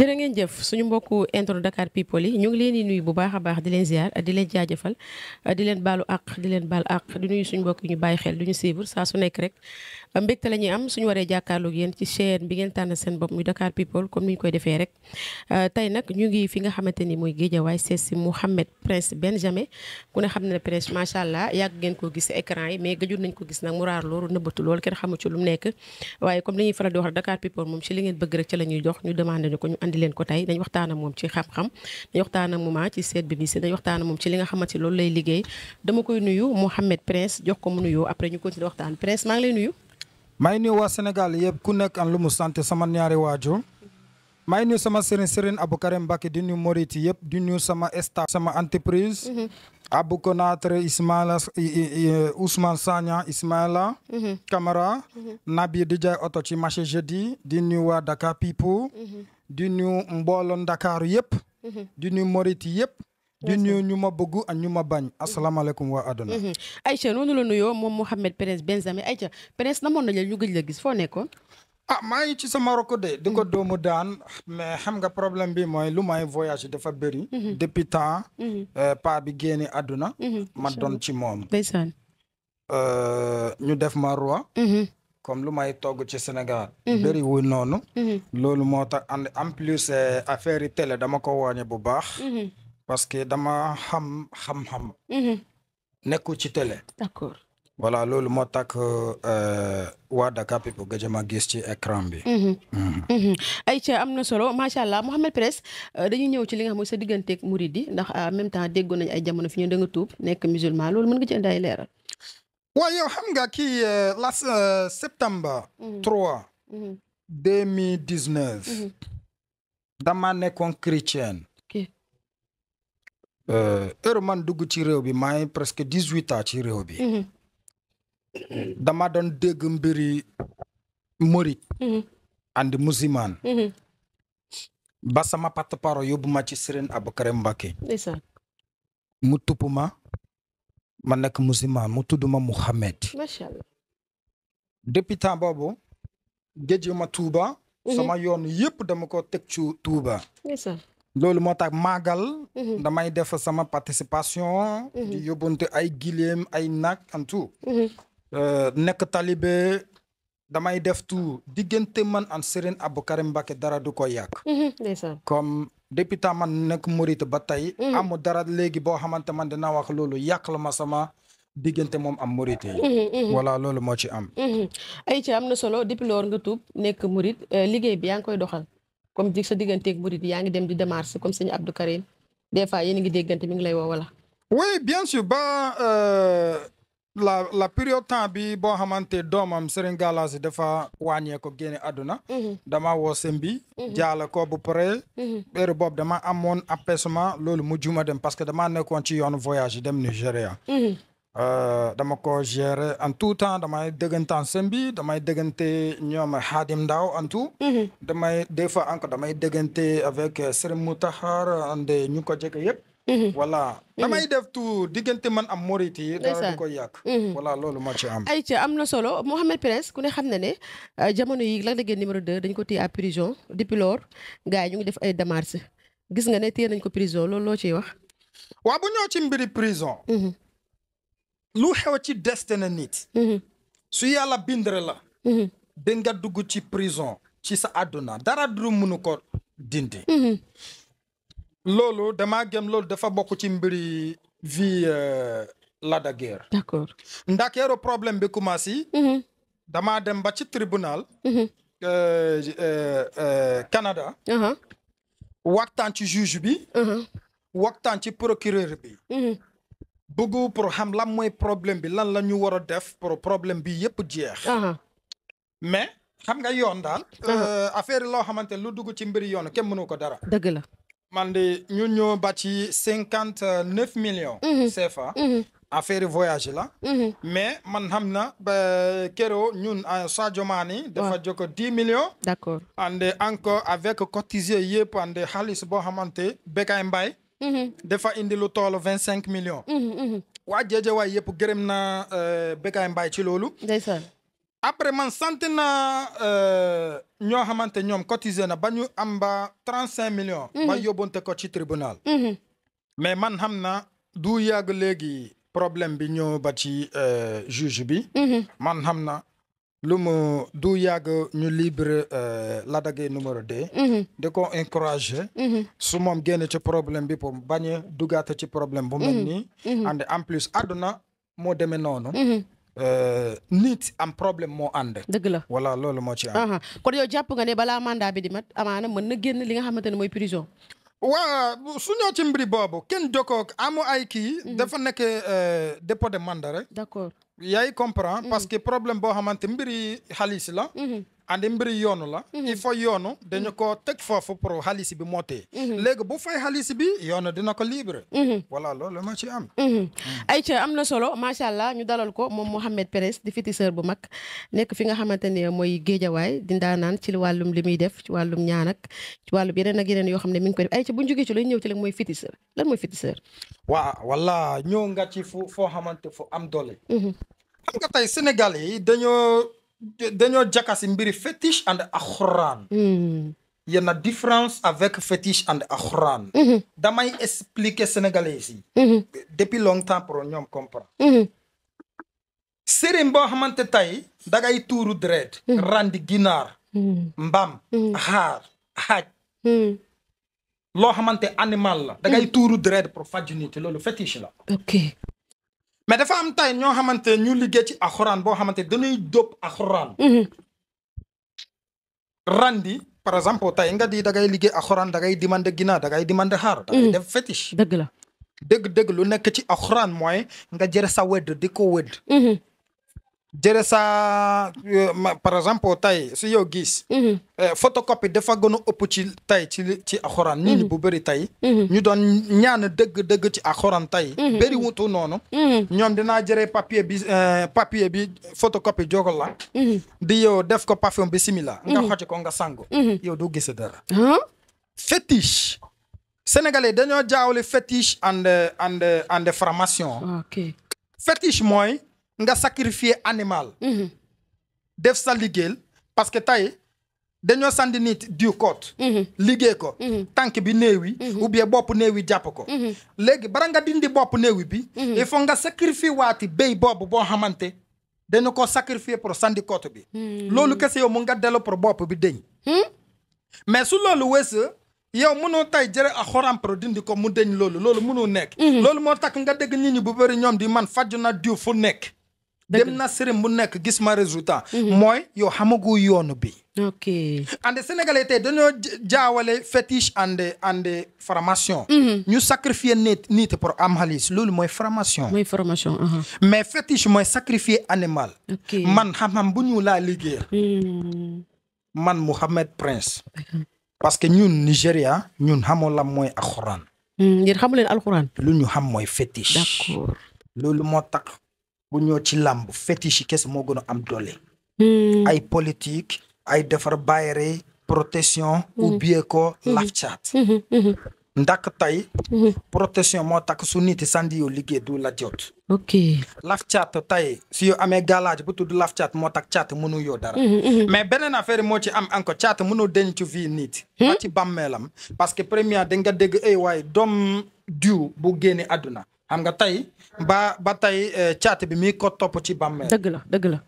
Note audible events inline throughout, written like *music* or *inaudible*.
jërë ngeen jëf suñu mbokku intro Dakar people yi ñu ngi leen di nuyu bu baax a baax di leen ziar di leen jaajëfal di leen baalu àq di leen baal àq di nuyu suñu mbokk yi ñu bàyyi xel du ñu suivre saa su nekk rek mbégte la ñuy am suñu waree jàkkaarloog yéen ci chaîne bi ngeen tànn seen bopp muy koy defee rek. ñu ngi fi nga xamante ni mooy géejawaay seet si Mouhamed Prince Benjamin ku ne xam ne Prince macha loolu nëbbatu loolu kenn xamu ci lu nekk waaye comme li ñuy di wax Dakar people moom ci li ngeen bëgg rek ci la dox ñu demandé ñu ko ñu andi leen ko tey dañ waxtaan ak moom ci xam-xam dañ waxtaan ak moom ci seet bi bis dañ waxtaan ak moom ci li nga xamante loolu lay liggéey dama koy nuyu Mouhamed Prince jox ko mu nuyoo après ñu continuer waxtaan Prince maa ngi lay nuyu. maa ngi nuyu waa Sénégal yëpp ku nekk an lu mu sant sama nuyu sama sëriñ sëriñ Abou Karim nuyu Moriti yëpp di sama staff mhm. Ismaila Ousmane Sagna Ismaila mhm. Camara mhm. Oto ci marché jeudi di nuyu waa Dakar People. di nuyu mbooloo Ndakaaru yëpp. Mm-hmm. di nuyu Moriti yëpp. di nuyu ñu ma bëgg ak ñu ma bañ asalaamaaleykum waa àdduna. Mm-hmm. Aïcha noonu la nuyoo moom Mouhamed Prince Benzame Aïcha Prince namoon na leen ñu gëj la gis foo nekkoon. ah maa ngi ci sama Maroko de di ko mm-hmm. doomu daan mais xam nga problème bi mooy lu may voyage dafa bëri. depuis temps. Euh, pa bi génne adduna ma doon ci moom. ndeysaan. Euh, ñu def ma roi. comme lu may togg ci Sénégal. Mhm. bëriwul noonu. Mhm. loolu moo tax en plus eh, affaire yi télé dama ko wàññi bu baax. Mhm. parce que dama xam xam-xam. nekku ci télé. d'accord voilà loolu moo tax eh, waa Dakar People gëj ma gis ci écran bi. ayca am na solo macha allah Mouhamed Press eh, dañuy ñëw ci li nga xam mooy sa digganteeg Mouride ndax en même temps déggoon ay jamono fi ñu da nga tuub nekk musulman loolu mën nga ci indi ay leeral. waaw yow xam nga kii euh, la euh, septembre. 3. Mhm. 2019. Mhm. Mhm. dama nekkoon chrétien. Euh, heure man dugg ci réew bi maa ngi presque dix huit ans ci réew bi. dama doon dégg mbiri morit. and musulman. ba sama porte-parole yóbbu ma ci Serigne Aboubakar mu tupp ma nekk musulman mu tudd ma Mouhamed. macha boobu. géej ma Touba. Mhm. sama yoon yëpp dama ko teg cu Touba. loolu moo tax màggal. Mhm. damay def sama participation. Mhm. di ay gileem ay nag en euh, nekk talibé damay def tout diggante man an Serigne Abdou Karim Mbacké dara du ko yàq. Mhm, comme depuis man nekk Mouride ba tey. Mhm. amu dara léegi boo xamante man dina wax loolu yàq la ma sama. diggante moom am murit yi mhm, voilà loolu moo ci am ay ci am na solo depuis loolu nga tuub nekk murit euh, liggéey bi yaa ngi koy doxal comme di sa digganteeg murit yi yaa ngi dem di démarche comme sëñ Abdou Karim des fois yéen a ngi déggante mi ngi lay woo wala oui bien sûr ba euh, la la période temps bi boo xamante doomam Serigne Galass dafa wàññeeku génne àdduna. Mhm. dama woo sembi bi. Mhm. jaala ko bu pare. Mhm. heure boobu dama amoon apaisement loolu mu juma dem parce que dama nekkoon ci yoonu voyage dem Nigéria. Euh, dama ko gérer en tout temps damay déggantaan sëñ sembi damay déggante ñoom Xaadim Ndaw en tout. damay des fois encore damay déggante avec Serigne Moutahar ande ñu ko jege yëpp. Mhm. voilà mhm. damay def tout diggante man am morit yi dara du ko yàq mhm. loolu ma ci am ay ca am na solo Mouhamed Prince ku ne xam ne ne euh, jamono yi Lac de Guiers numéro 2 dañ ko téye à prison depuis lors yi ñu ngi def ay démarches gis nga ne téye nañ ko prison loolu loo ciy wax waa bu ñëw ci mbiri prison lu xew ci destiné nit su yàlla bindre la da nga dugg ci prison ci sa àdduna dara du mënu ko dindi loolu damaa gëm loolu dafa bokk ci mbiri vi euh, la da guerre. d'accord problème bi commencé. Mhm. damaa dem ba ci tribunal. Mhm. Euh, euh, Canada. Uh-huh. waxtaan ci juge bi. Uh-huh. waxtaan ci procureur bi. Mhm. bëggu pour xam la mooy problème bi lan la ñu war a def pour problème bi yëpp jeex. Uh-huh. mais xam nga yoon daal. affaire loo xamante lu dugg ci mbiri yoon kenn mënu ko dara. dëgg man de ñun ñoo bâti cinquante neuf millions. Mhm. CFA. Mhm. affaire voyage la. Mhm. mais man xam na ba keroog ñun ah, Sadio Mané. dafa jokk dix millions. d' and encore avec cotisé yëpp and xaalis boo xamante Bekay Mbaye. dafa indi lu toll vingt cinq millions. waa jeejewaay yëpp gërëm na euh, Bekay Mbaye ci loolu. ndeysaan. après man sant naa euh, ñoo xamante ñoom cotisé na ba ñu am ba trente cinq millions. ba mhm. yóbbante ko ci tribunal. Mhm. mais man xam na du yàgg léegi problème bi ñëw ba ci euh, juge bi. Mhm. man xam na lu mu du yàgg ñu libre euh, Ladege numéro deux. di ko encouragé. su moom génne ci problème bi pour bañ dugaate ci problème bu mel and en plus àdduna moo demee noonu. Euh, nit am problème moo ànd. dëgg la voilà loolu moo ci am. jàpp nga ne balaa mandat bi di mat amaana mën na génn li nga xamante ne mooy prison. waaw su ñëw ci mbiri boobu kenn jokkoo amu ay kii. Mhm. dafa nekk euh, dépôt de mandat rek. d'accord yaay comprend mhm. parce que problème boo xamante mbiri xaalis la. Mhm. andi mbiri yoonu la mhm. il faut yoonu mhm. dañu ko teg foofu pour xaalis bi mootee mhm. léegi bu fay xaalis bi yoonu dina ko libre voilà loolu ma ci am ayca am na solo macha allah ñu dalal ko moom Mouhamed Perez di féticheur bu mag nekk fi nga xamante ne mooy géejawaay di naan ci wàllum li muy def ci wàllum ñaan ak ci wàllum yeneen ak yeneen yoo xam ne mi ngi ko def ayca bu ñu jógee ci lañ ñëw ci lan mooy féticheur lan mooy féticheur waaw wala ñëw nga ci fu foo xamante fu am doole dañoo jakkasi mbiri fétiche and alxuraan hmm. yenn différence avec fétiche and alxuraan hmm. damay expliquer sénégalais yi long hmm. longtemps pour ñoom comprendre sëriñ boo xamante tey dangay tuuru deret randi ginaar mbaam xaar xaaj loo xamante animal la dangay tuuru deret pour faj nit loolu fétiche la mais dafa am tay ñoo xamante ne ñu liggéey ci alxuraan boo xamante dañuy dóob alxuraan mhm. randi par exemple tay nga di da ngay liggéey alxuraan da ngay demande ginaar da ngay demande xaar da ngay mhm. def fétiche dëgg la dëgg-dëgg lu nekk ci alxuraan mooy nga jëre sa wedd di ko wedd mhm. jëre sa euh, par exemple tey su yow gis. Mhm. Euh, photocopie dafa gën a ci tey ci ci alxuraan. nit mhm. bu bëri tey. Mhm. ñu doon ñaan dëgg dëgg ci alxuraan tey. bëri wutu noonu. ñoom dinaa jëre papier bi euh, papier bi photocopie jogal la. di yow def ko parfum bi simila nga xocc ko nga sangu. yow doo gis dara. fétiche. sénégalais dañoo jaawale fétiche and and and formation. ok mooy. nga sacrifier animal. Mhm. def sa liggéeyal parce que tey dañoo sandi nit diw koot. Mhm. liggéey ko. Mhm. tànk bi néew yi. ou bien bopp néew yi jàpp ko. léegi bara nga dindi bopp néew bi. il fo nga sacrifier waati béy boobu boo xamante dañu ko sacrifier pour sandi koot bi. Hmm. loolu kese yow mu nga delloo pour bopp bi deñ hmm? mais su loolu weesoo yow mënoo tay jëre a xoram pro dindi ko mu deñ loolu loolu mënoo nekk. Hmm. loolu moo tax nga dégg nit ñi bu bëri ñoom di man faj na diw fu nekk. dem na sëriñ bu nekk gis ma résultat. Mhm. mooy yow xamagu yoonu bi. ok and sénégalais tey dañoo jaawale fétiche and and formation. Mhm. ñu sacrifier nit nit pour am xaalis loolu mooy formation. mooy formation. mais fétiche mooy sacrifier animal. man xam-xam bu ñu laa liggéey. Hmm. man Mouhamed Prince. parce que ñun Nigéria ñun xamoo la mooy alxuraan. ngeen hmm, xamu leen alxuraan. lu ñu xam mooy fétiche. loolu moo tax. bu ñëw ci làmb fétiche yi kese moo gën a am doole. Hmm. ay politique ay defar bayre protection. Hmm. ubbie ko hmm. laf caat. ndak tey. protection moo takk su nit sandi liggéey du la jot. ok laf caat tey si yow amee galaaj bu tudd laf caat moo tax caat mënu yow dara. mais beneen affaire moo ci am encore caat mënoo denc vie nit. ba ci bàmmeelam parce que première da nga dégg ay eh waaye doom diw bu génne àdduna. xam nga tey ba ba tey eh, caati bi mi ko topp ci bàmmeel. dëgg la dëgg la.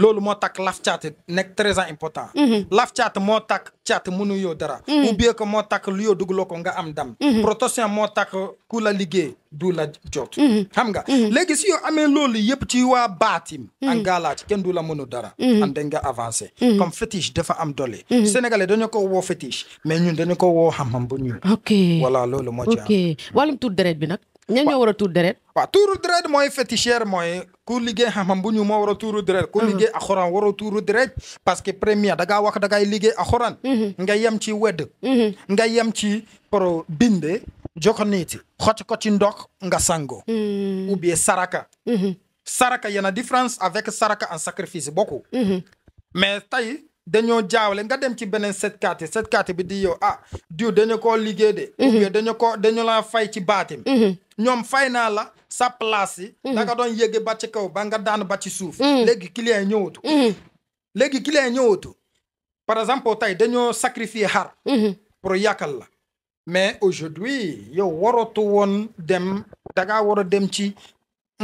loolu moo takk laf caati nekk très important. Mhm. laf caati moo tax caati mënu yoo dara. Mhm. ou bien que moo takk lu yoo dugaloo ko nga am dam. Mhm. protection moo takk ku la liggéey du la jot. xam nga léegi si yoo amee loolu yëpp ci waa baatim. an gaalaat kenn du la mënu dara. am dañ nga avancé. comme fétiche dafa am doole. sénégalais dañu ko woo fétiche mais ñun dañu ko woo xam-xam bu ñuul. ok voilà loolu moo ci am. ok wàllum bi nag. ñan ñoo war a tuur deret waaw tuuru mooy féticheur mooy ku liggéey xam-xam bu ñu moo war a tuuru deret ku mhm. liggéey ak xoraan war a parce que première da ngaa wax da ngay liggéey ak mhm. nga yem ci wedd mhm. nga yem ci pro binde jox nit xocc ko ci nga sango ou bien saraka saraka yana différence avec saraka en sacrifice beaucoup mais tey dañoo jaawale nga dem ci beneen setkat yi setkat bi di yow ah diw dañu koo liggéey de ou mhm. dañu ko dañu laa fay ci baate baatim mhm. ñoom fay naa la sa place yi mhm. da nga doon yéege ba ci kaw ba nga daan ba ci suuf léegi client yi ñëwatu léegi client yi ñëwatu par exemple tey dañoo sacrifier xar pour yàkkal la mais aujourd'hui yow waratu woon dem da ngaa war a dem ci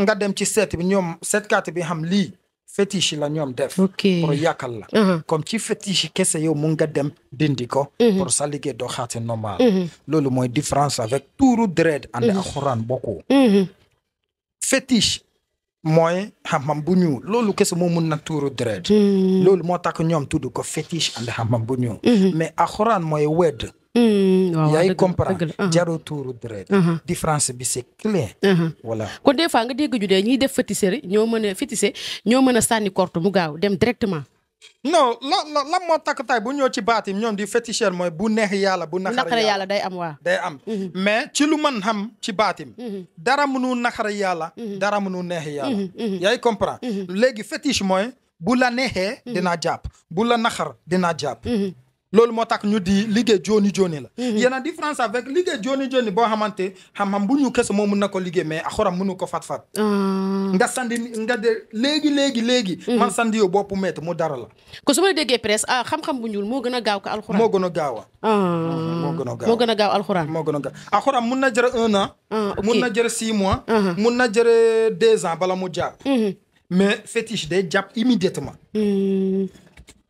nga dem ci seet bi set setkat bi xam lii fétiche la ñoom def. pour yàkkal la. Uh-huh. comme ci fétiche kese yow mun nga dem dindi ko. Uh-huh. pour sa liggéey doo xaati normal. Uh-huh. loolu mooy différence avec tuuru dërët. ànd ak xuraan bokkoo. fétiche mooy xam bu ñuul loolu kese moo mun na tuuru dërët. Hmm. loolu moo takk ñoom tudd ko fétiche ànd xam bu ñuul. mais ak mooy wedd. Mm, yaa ngi comprendre uh-huh. jarul tuuru dërët. Uh-huh. différence bi c'est clair. Uh-huh. voilà kon des fois nga dégg de dee ñuy def féticheur ñoo mën a fétiche ñoo mën a sànni korte mu gaaw dem directement. non la la lan moo takk tay bu ñëw ci baatim ñoom di féticheur mooy bu neex yàlla bu. naqare yàlla day am wa day am. Mm-hmm. mais ci lu man xam ci baatim. Mm-hmm. dara mënu naqare yàlla. Mm-hmm. dara mënu neex yàlla. yaa ngi léegi fétiche mooy bu la neexee. dina jàpp bu la naqar dina jàpp. loolu moo tax ñu di liggéey jooni jooni la mhm. yéen a différence avec liggéey jooni jooni boo xamante xam-xam bu ñu kese moo mun na ko liggéey mais axoram mënu ko fat-fat ah. nga sandi nga de léegi léegi léegi mhm. man sandi yow boppu mu dara la su ma déggee presse ah xam-xam bu moo gën a gaaw ko alxuraan moo gën a gaaw ah. mhm, moo gën a gën a gaaw alxuraan moo gën a gaaw alxuraan mun na jëre un an ah, mun na jëre six mois mun na jëre deux ans bala mu jàpp mais fétiche day jàpp immédiatement hmm.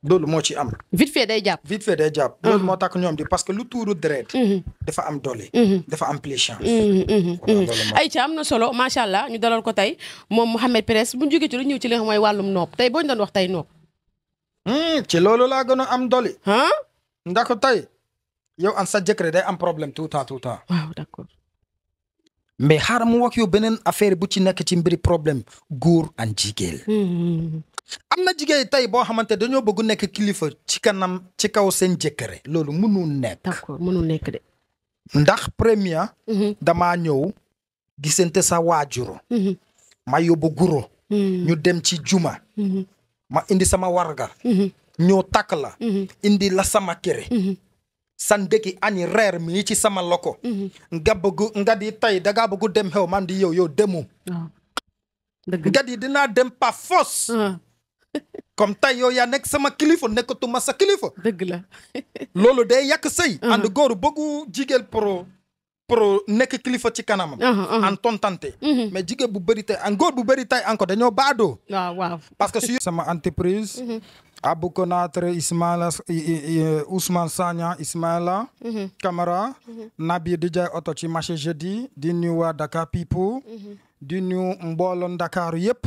loolu moo ci am. vite fait day jàpp. vite fait day jàpp. loolu moo tax ñoom di parce que lu tuuru deret. dafa am doole. dafa am plus chance. ci am na solo macha allah ñu dalal ko tey moom Mouhamed Peresse bu ñu jógee ci ci li nga xam mooy wàllum nopp tey boo ñu doon wax tey nopp. Hmm, ci loolu laa gën a am doole. ndax tey yow an sa jëkkër day am problème tout temps tout temps. mais xaaral mu wax yow beneen affaire bu ci nekk ci mbiri problème góor an jigéen. am na jigéen tey boo xamante dañoo bëgg nekk kilifa ci kanam ci kaw seen jëkkëre loolu mënul nekk. mënul nekk de. ndax premier. Mhm. damaa ñëw gisante sa waajuro mhm. ma yóbbu guro. Mhm. ñu dem ci juma. ma indi sama warga. ñoo takk la. indi la sama kere. san dëkki añi reer mi ci sama loko. nga bëgg nga di tey da bëgg dem xew man di yow yow demu. Ah. nga di dinaa dem pa comme tey yow nekk sama kilifa nekkatuma sa kilifa. dëgg la. loolu day yàq sëy. Uh-huh. ànd góor bëggu jigéen pro nekk kilifa ci kanamam. Uh-huh, uh-huh. en tontante. Mm-hmm. mais jigéen bu bëri tey en góor bu bëri tey encore dañoo baadoo. waaw waaw parce que su *laughs* sama entreprise. Mm-hmm. Abou Konatre Ismaila Ousmane Sagna Ismaila mm-hmm. Camara Nabi Dija Oto ci marché jeudi di nuyu waa Dakar People. di nuyu mbooloo Ndakaaru yëpp.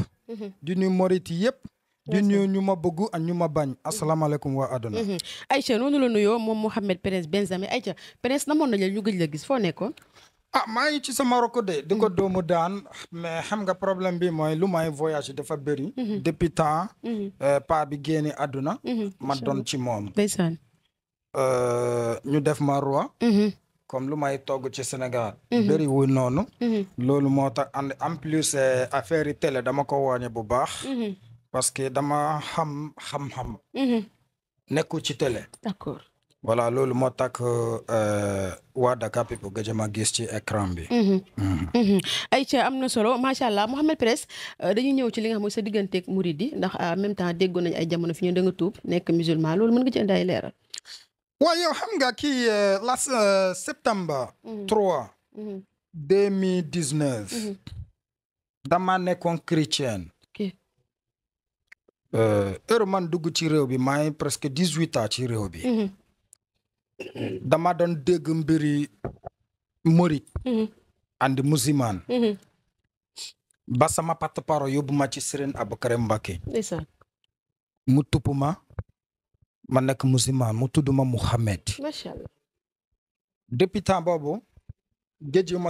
di nuyu Moriti yëpp. di nuyu ñu ma bëgg a ñu ma bañ asalaamaaleykum waa àdduna. Mhm. Aïcha noonu la nuyoo moom Mouhamed Prince Benzami Aïcha Prince namoon nañ la ñu gëj la gis foo nekkoon. ah maa ci sa Maroko de di ko mhm. doomu daan mais xam nga problème bi mooy lu may voyage dafa bëri. Mhm. depuis temps. Euh, pa bi génne àdduna. ma doon ci moom. ndeysaan. Euh, ñu def ma roi. comme lu may togg ci Sénégal. bëri wu noonu. loolu moo tax en plus euh, affaire yi télé dama ko wàññi bu baax. parce que dama xam xam-xam. Mhm. ci télé. d'accord voilà loolu moo tax euh, waa Dakar People gëj ma gis ci écran bi. Mhm. Mhm. ayca am na solo macha allah Mouhamed Press euh, dañuy ñëw ci li nga xam mooy sa diggante murid di ndax en même temps déggoon ay jamono fi ñu da nga nekk musulman loolu mën nga ci leeral. waaw yow xam kii euh, la septembre. 3. 2019. dama nekkoon chrétien. Euh, heure man dugg ci réew bi maa ngi presque dix huit ci réew bi. Mhm. dama doon dégg mbiri morit mhm. and musimaan mhm. ba sama patt paro yóbbu ma ci Serigne Aboubacar Mbacké mu tupp ma ma nekk musimaan mu tudd ma Mouhamed macha allah depuis temps boobu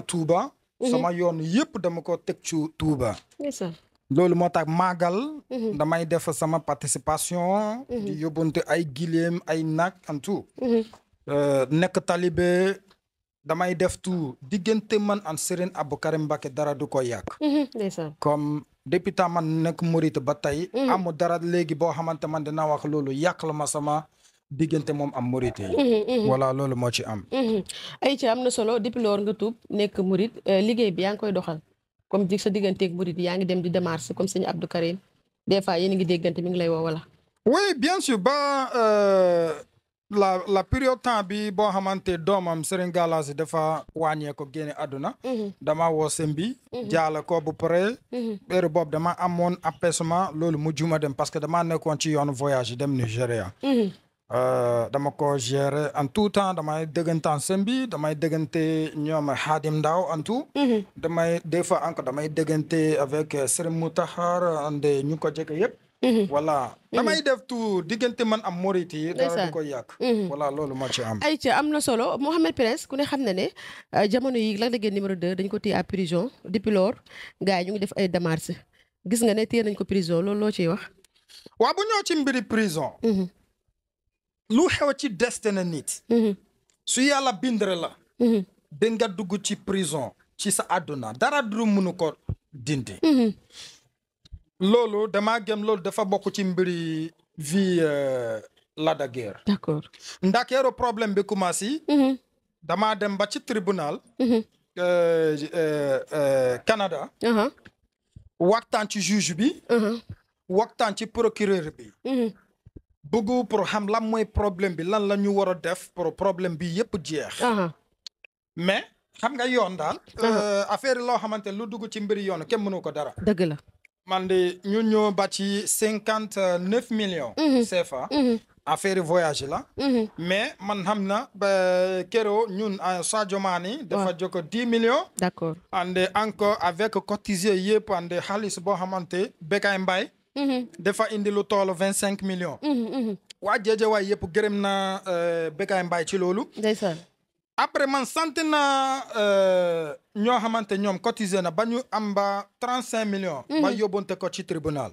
Tuuba sama yoon yëpp dama ko teg ci Tuuba loolu moo tax màggal mhm. damay def sama participation di mhm. yóbbante ay giléem ay nag en tout mhm. euh, nekk talibé damay def tu diggante man an Serigne Abdou Karim Mbacké dara du ko yàq comme depuis temps man nekk Mouride ba tey amu dara léegi boo xamante man dina wax loolu yàq la ma sama diggante moom am murit yi loolu moo ci am ay ci am na solo depuis loolu nga tuub nekk Mouride euh, liggéey bi yaa ngi koy doxal comme jig sa digganteeg murid yaa ngi dem di démarche comme sëñ Abdou Karim des fois yéen a ngi déggante mi ngi lay woo wala. bien sûr ba euh, la la période temps bi boo xamante doomam Serigne Galass dafa wàññee ko génne àdduna. Mhm. dama woo sëñ bi. Mhm. jaala ko bu pare. Mhm. heure boobu dama amoon apaisement loolu mu juma dem parce que dama nekkoon ci yoonu voyage dem Nigéria. Euh, dama ko gérer en tout temps damay déggantaan sën bi damay déggante ñoom Hadim Ndaw en tout. Mhm. damay des fois encore damay déggante avec Serigne Moutahar and ñu ko jege yëpp. Mhm. voilà mhm. damay def tout diggante man am moriti dara du ko yàq voilà loolu moo ci am ay ca am na solo Mouhamed Prince ku ne xam ne ne euh, jamono yi Lac de numéro 2 dañ ko téye à prison depuis lors gars yi ñu ngi def ay démarches gis nga ne téye nañ ko prison loolu loo ciy wax waaw bu ñëw ci mbiri prison lu xew ci destiné nit. Mm-hmm. su yàlla bindre la. Mm-hmm. di nga dugg ci prison ci sa àdduna dara du mënu ko dindi. Mm-hmm. loolu dama gëm loolu dafa bokk ci mbiri vi euh, la de guerre. d'accord ndakeeru problème bi commencé. damaa dem ba ci tribunal. Euh, euh, Canada. Uh-huh. waxtaan ci juge bi. Uh-huh. waxtaan ci procureur bi. bëggu pour xam lan mooy problème bi lan la ñu war a def pour problème bi yëpp jeex. mais xam nga yoon daal. Euh, affaire loo xamante lu dugg ci mbiri yoon kenn mënu ko dara. dëgg la. man de ñu ñoo ba ci cinquante neuf millions. Mhm. CFA. Mhm. affaire voyage la. Mhm. mais man xam na ba keroog ñun euh, Sadio Mané. dafa jokk dix millions. d' accord and encore avec cotisé yëpp and xaalis boo xamante Bekay Mbaye. Mm-hmm. dafa indi lu toolu vingt cinq millions. Mm-hmm, mm-hmm. waa Géejawaay yëpp gërëm naa euh, Bécaye Mbaye ci loolu. ndeysaan. après man sant naa euh, ñoo xamante ñoom cotisé na ba ñu am ba trente cinq millions. ba yóbbante ko ci tribunal.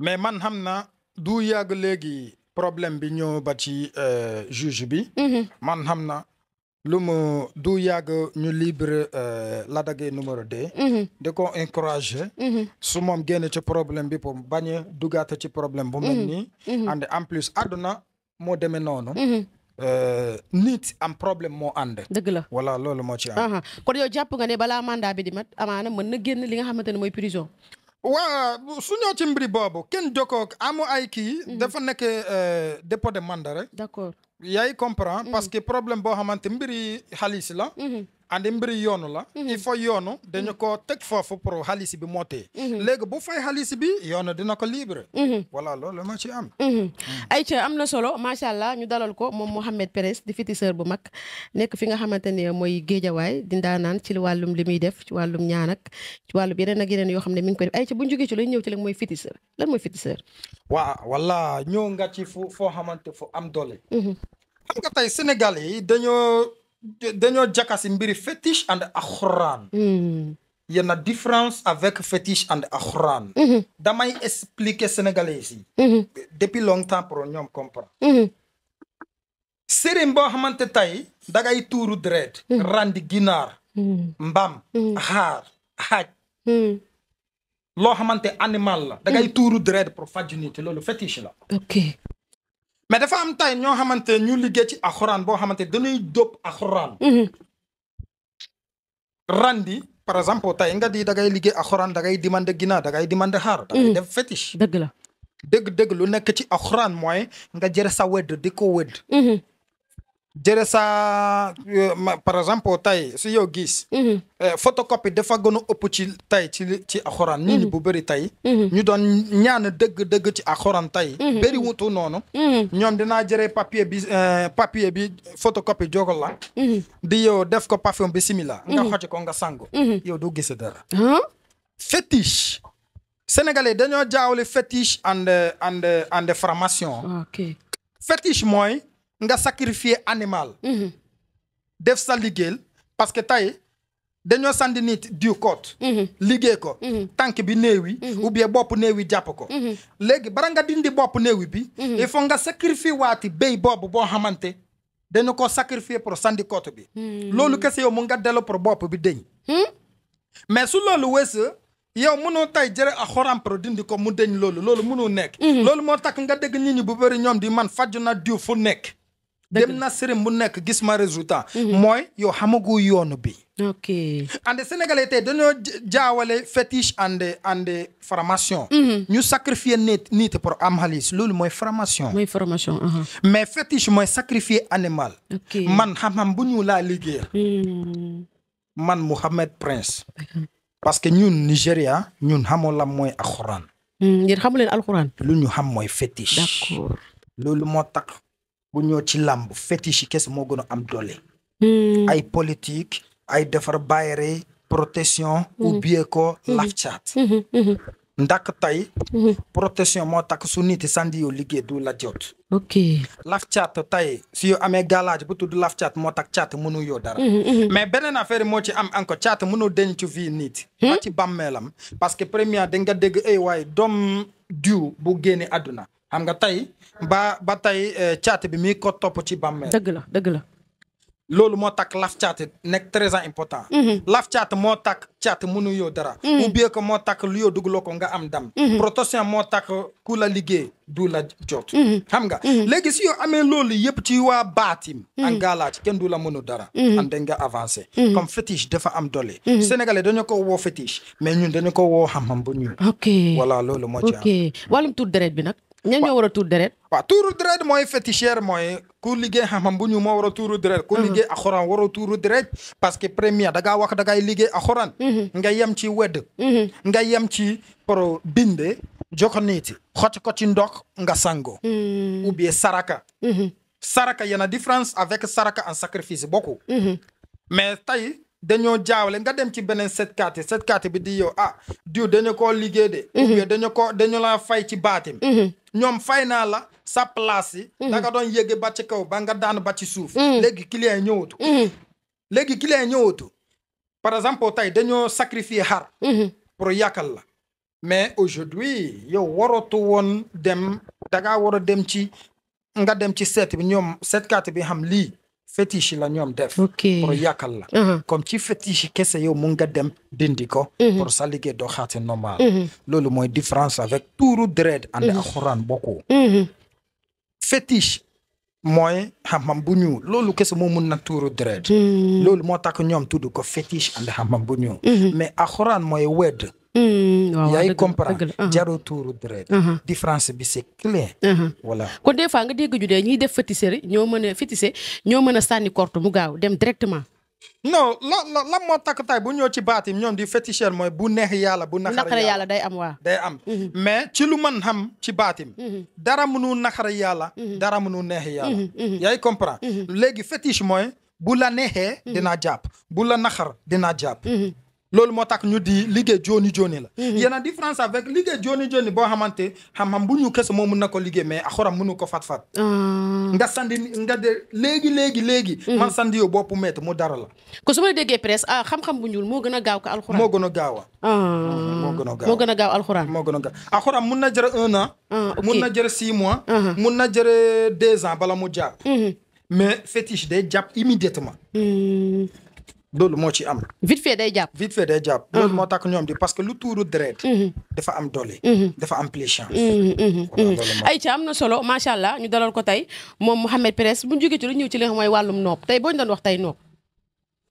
mais man xam na du yàgg léegi problème bi ñëw ba ci euh, juge bi. man xam lu mu du yàgg ñu libre euh, Lac de Guiers numéro 2. Mhm. di ko encouragé. Mhm. su moom génn ci problème bi pour bañ a ci problème bu mel mhm. nii. and en plus àdduna moo demee noonu. Euh, nit am problème moo ànd. dëgg la wala loolu moo ci am. kon yow jàpp nga ne balaa mandat bi di mat amaana mën na génn li nga xamante ne mooy prison. waa su ñëw ci boobu kenn jokkoo amu ay kii. dafa nekk euh, dépôt de mandat rek. d'accord. yaay comprend parce mm-hmm. que problème boo xamante mbiri xaalis la mm-hmm. andi mbiri yoonu la mhm. il faut yoonu dañu ko teg foofu pour xaalis bi mootee mhm. léegi bu fay xaalis bi yoonu dina ko libre mhm. voilà loolu ma ci am ayca am na solo macha allah ñu dalal ko moom Mouhamed Perez di féticheur bu mag nekk fi nga xamante ne mooy géejawaay di naan ci wàllum li muy def ci wàllum ñaan ak ci wàllum yeneen ak yeneen yoo xam ne mu ngi koy def ayca bu ñu jógee ci lañ ñëw ci lan mooy féticheur lan mooy féticheur waaw wala ñëw nga ci fu foo xamante fu am doole dañoo jakkasi mbiri fétiche and alxuraan hmm. yenn différence avec fétiche and alxuraan hmm. damay expliquer sénégalais yi long hmm. longtemps pour ñoom comprendre sëriñ boo xamante tey dangay tuuru deret randi ginaar mbaam xaar xaaj loo xamante animal la dangay tuuru deret pour faj nit loolu fétiche la mais dafa am tay ñoo xamante ñu liggéey ci alxuraan boo xamante dañuy dóob alxuraan mhm. randi par exemple tay nga di da ngay liggéey alxuraan da ngay demandé ginaar da ngay demandé xaar da ngay mhm. def fétiche dëgg la dëgg-dëgg lu nekk ci alxuraan mooy nga jëre sa wedd di ko wedd mhm. jëre sa euh, par exemple tey si yow gis. Mhm. Euh, photocopie dafa gonu a ëpp ci tey ci ci alxuraan. nit ñi mhm. bu bëri tey. Mhm. ñu doon ñaan dëgg dëgg ci alxuraan tey. bëri wutu noonu. ñoom dinaa jëre papier bi euh, papier bi photocopie jogal la. di yow def ko parfum bi simila nga xocc ko nga sangu. yow du gis dara. fétiche. sénégalais dañoo jaawale fétiche and and and formation. ok mooy. nga sacrifier animal. Mhm. def sa liggéeyal parce que tey dañoo sandi nit diw koot. Mhm. liggéey ko. Mhm. tànk bi néew yi. ou bien bopp néew yi jàpp ko. léegi bara nga dindi bopp néew bi. il faut nga sacrifier waati béy boobu boo xamante dañu ko sacrifier pour sandi koot bi. Hmm. loolu kese yow mu nga delloo pour bopp bi deñ hmm? mais su loolu weesoo yow mënoo tay jëre ak xoram pro dindi ko mu deñ loolu loolu mënoo nekk. Hmm. loolu moo tax nga dégg nit ñi ñoom di man faj na diw fu nekk. dem na sëriñ bu nekk gis ma résultat. Mhm. mooy yow xamagu yoonu bi. ok and sénégalais tey dañoo jaawale fétiche and and formation. Mhm. ñu sacrifier nit nit pour am loolu mooy formation. mooy formation. mais fétiche mooy sacrifier animal. man xam-xam bu ñu laa liggéey. Hmm. man Mouhamed Prince. parce que ñun Nigéria ñun xamoo la mooy alxuraan. ngeen hmm, xamu leen alxuraan. lu ñu xam mooy fétiche. d'accord loolu moo tax. bu ñëw ci làmb fétiche yi kese moo gën a am dole hmm. ay politique ay defar bayre protection. ubbie hmm. ko hmm. laf caat. ndax tey. protection moo takk su nit sandi liggéey du la jot. ok laf caat tey si yow amee galaaj bu tudd laf caat moo tax caat mënu yow dara. mais beneen affaire moo ci am encore caat mënoo denc vie nit. ba ci bàmmeelam parce que première da nga dégg ay eh waaye doom diw bu génne àdduna. xam nga tey ba ba tey eh, caati bi mi ko topp ci bàmmeel. dëgg la dëgg la. loolu moo tax laf caati nekk très important. Mhm. laf caati moo tax caati mënu yoo dara. Mhm. ou bien que moo tax lu yoo dugaloo ko nga am dam. Mhm. protection moo tax ku la liggéey du la jot. xam nga léegi si yoo amee loolu yëpp ci waa baatim. an gaalaat kenn du la mënu dara. am dañ nga avancé. comme fétiche dafa am doole. sénégalais dañu ko woo fétiche mais ñun dañu ko woo xam-xam bu ñuul. ok voilà loolu moo ci am. ok wàllum bi nag. ñan ñoo war a tuur deret waaw tuuru mooy féticheur mooy ku liggéey xam-xam bu ñu moo war a tuuru deret ku mhm. liggéey ak xoraan war a parce que première da ngaa wax da liggéey ak mhm. nga yem ci wedd mhm. nga yem ci pro binde jox nit xocc ko ci nga sango ou bien saraka saraka yana différence avec saraka en sacrifice beaucoup mais tey dañoo jaawale nga dem ci beneen setkat yi setkat bi di yow ah diw dañu koo liggéey de ou mhm. dañu ko dañu laa fay ci baate baatim mhm. ñoom fay naa la sa place yi mhm. da nga doon yéege ba ci kaw ba nga daan ba ci suuf léegi client yi ñëwatu léegi client yi ñëwatu par exemple tey dañoo sacrifier xar pour yàkkal la mais aujourd'hui yow waratu woon dem da ngaa war a dem ci nga dem ci seet bi ñoom setkat bi xam lii fétiche la ñoom def. Okay. pour yàkkal la. Uh -huh. comme ci fétiche kese yow mun nga dem dindi ko. Uh -huh. pour sa liggéey doo xaate normal. Uh loolu mooy différence avec tuuru deret. and uh-huh. alxuraan bokkoo. Uh-huh. fétiche mooy xam-xam bu ñuu loolu kese moo mun na tuuru deret. Hmm. loolu moo takk ñoom tudd ko fétiche and xam bu ñuul. mais alxuraan mooy wedd. Mm, yaa ngi comprendre uh-huh. jarul tuuru dërët. Uh-huh. différence bi c'est clair. ko uh-huh. kon fois nga dégg ñu de ñuy def féticheur ñoo mën a fétiche ñoo mën a sànni korte mu gaaw dem directement. non lan lan lan moo takk tay bu ñëw ci baatim ñoom di féticheur mooy bu neex yàlla bu. naxar yàlla day am wa day am. Mm-hmm. mais ci lu man xam ci baatim. Mm-hmm. dara mënu naxar yàlla. Mm-hmm. dara mënu neex yàlla. yaa ngi léegi fétiche mooy bu la neexee. dina jàpp bu la naxar dina jàpp. loolu moo tax ñu di liggéey jooni jooni la mhm. yéena différence avec liggéey jooni jooni boo xamante xam-xam bu ñu kese moo mun na ko liggéey mais axoram mënu ko fat-fat ah. nga sandi nga de léegi léegi léegi mhm. man sandi yow boppu mu dara la ko ma déggee presse ah xam bu ñuul moo gën a gaaw ko a gaaw ah. moo gën a gaaw moo gën a gaaw alxuraan moo gën a gaaw alxuraan mun na jëre un an ah, mun na jëre six mois mun na jëre deux ans bala mu jàpp mhm. mais fétiche day jàpp immédiatement hmm. loolu moo ci am. vite fait day jàpp. vite fait day jàpp. Mm-hmm. loolu moo tax ñoom di parce que lu tuuru deret. Mm-hmm. dafa am doole. Mm-hmm. dafa am plus ay ci am na solo macha allah ñu dalal ko tey moom Mouhamed Peresse bu ñu jógee ci lu ñëw ci li nga xam mooy wàllum nopp tey boo ñu doon wax tey nopp.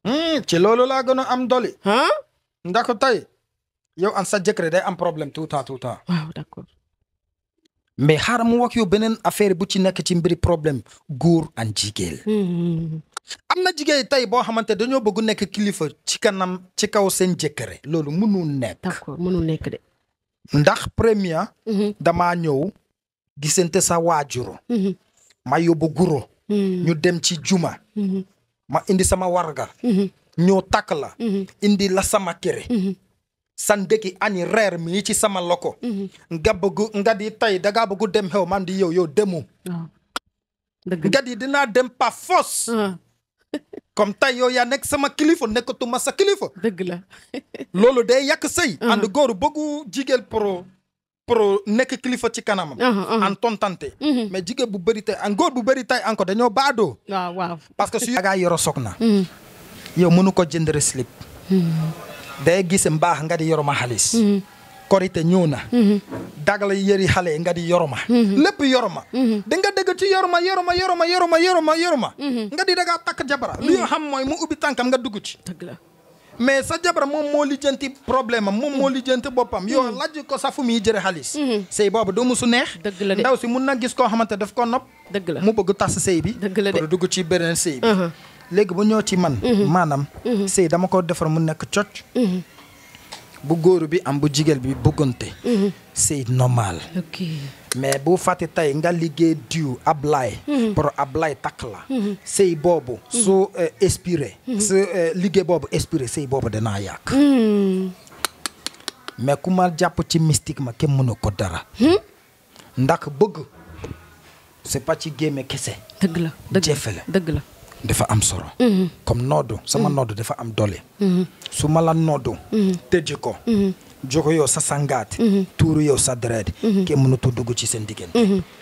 Hmm, ci loolu laa gën a am doole. ndax tey yow an sa jëkkër day am problème tout temps tout mais xaaral mu wax yow beneen affaire bu ci nekk ci mbiri problème góor an jigéen. am na jigéen tey boo xamante dañoo bëgg nekk kilifa ci kanam ci kaw seen jëkkëre loolu mënul nekk. mënul nekk de. ndax premier. Mhm. damaa ñëw gisante sa waajuro mhm. ma yóbbu guro. Mhm. ñu dem ci juma. ma indi sama warga. ñoo takk la. indi la sama kere. san dëkki añi reer mi ci sama loko. nga bëgg nga di tey da bëgg dem xew man di yow yow demu. Ah. nga di dinaa dem pa comme tey yoo yaa nekk sama kilifa nekkatuma sa kilifa. dëgg la. loolu day yàq sëy. Uh-huh. ànd góor bëggu jigéen pro nekk kilifa ci kanamam. Uh-huh, uh-huh. en tontante. Mm-hmm. mais bu bëri tey en góor bu bëri tey encore dañoo baadoo. waaw waaw parce que su yaa yoro soog na. Mm-hmm. yow mënu ko jëndee slip. Mm-hmm. day gis mbaax nga di yoroma xaalis. korite ñëw na mm-hmm. dagal yëri xale yi nga di yoroma mm-hmm. lépp yoroma mm-hmm. da nga dégg ci yoroma yoroma yoroma yoroma yoroma yoroma nga di dagaa takk jabara li nga xam mooy mu ubbi tànkam nga dugg ci mais sa jabar moom moo lijjanti problème am moom moo lijjanti boppam yow laaj ko sa fu muy jëre xaalis sëy boobu doomu su neex dëgg la de ndaw si mun na gis koo xamante daf ko nopp dëgg la mu bëgg tas sëy bi dëgg la de dugg ci beneen sëy bi uh-huh. léegi bu ñoo ci man maanaam sëy dama ko defar mu nekk cocc bu góor bi am bu jigéen bi bëggante mhm. c'est normal mais bu fàtte tey nga liggéey diw ablaay mhm. pour ablaay takk la mhm. sëy boobu su euh, expiré su euh, liggéey boobu expiré sëy boobu danaa yàq mais ku ma jàpp ci mystique ma kenn na ko dara hmm? ndax bëgg c'est pas ci gémme kese dëgg la dëgg la jëfe dëgg la dafa am solo. Mm-hmm. comme noddu sama mm-hmm. noddu dafa am doole. Mm-hmm. su ma la noddu. tëj ko. jogo yow sa sangaat. tuuru yow sa deret. kenn mënatu dugg ci seen diggante.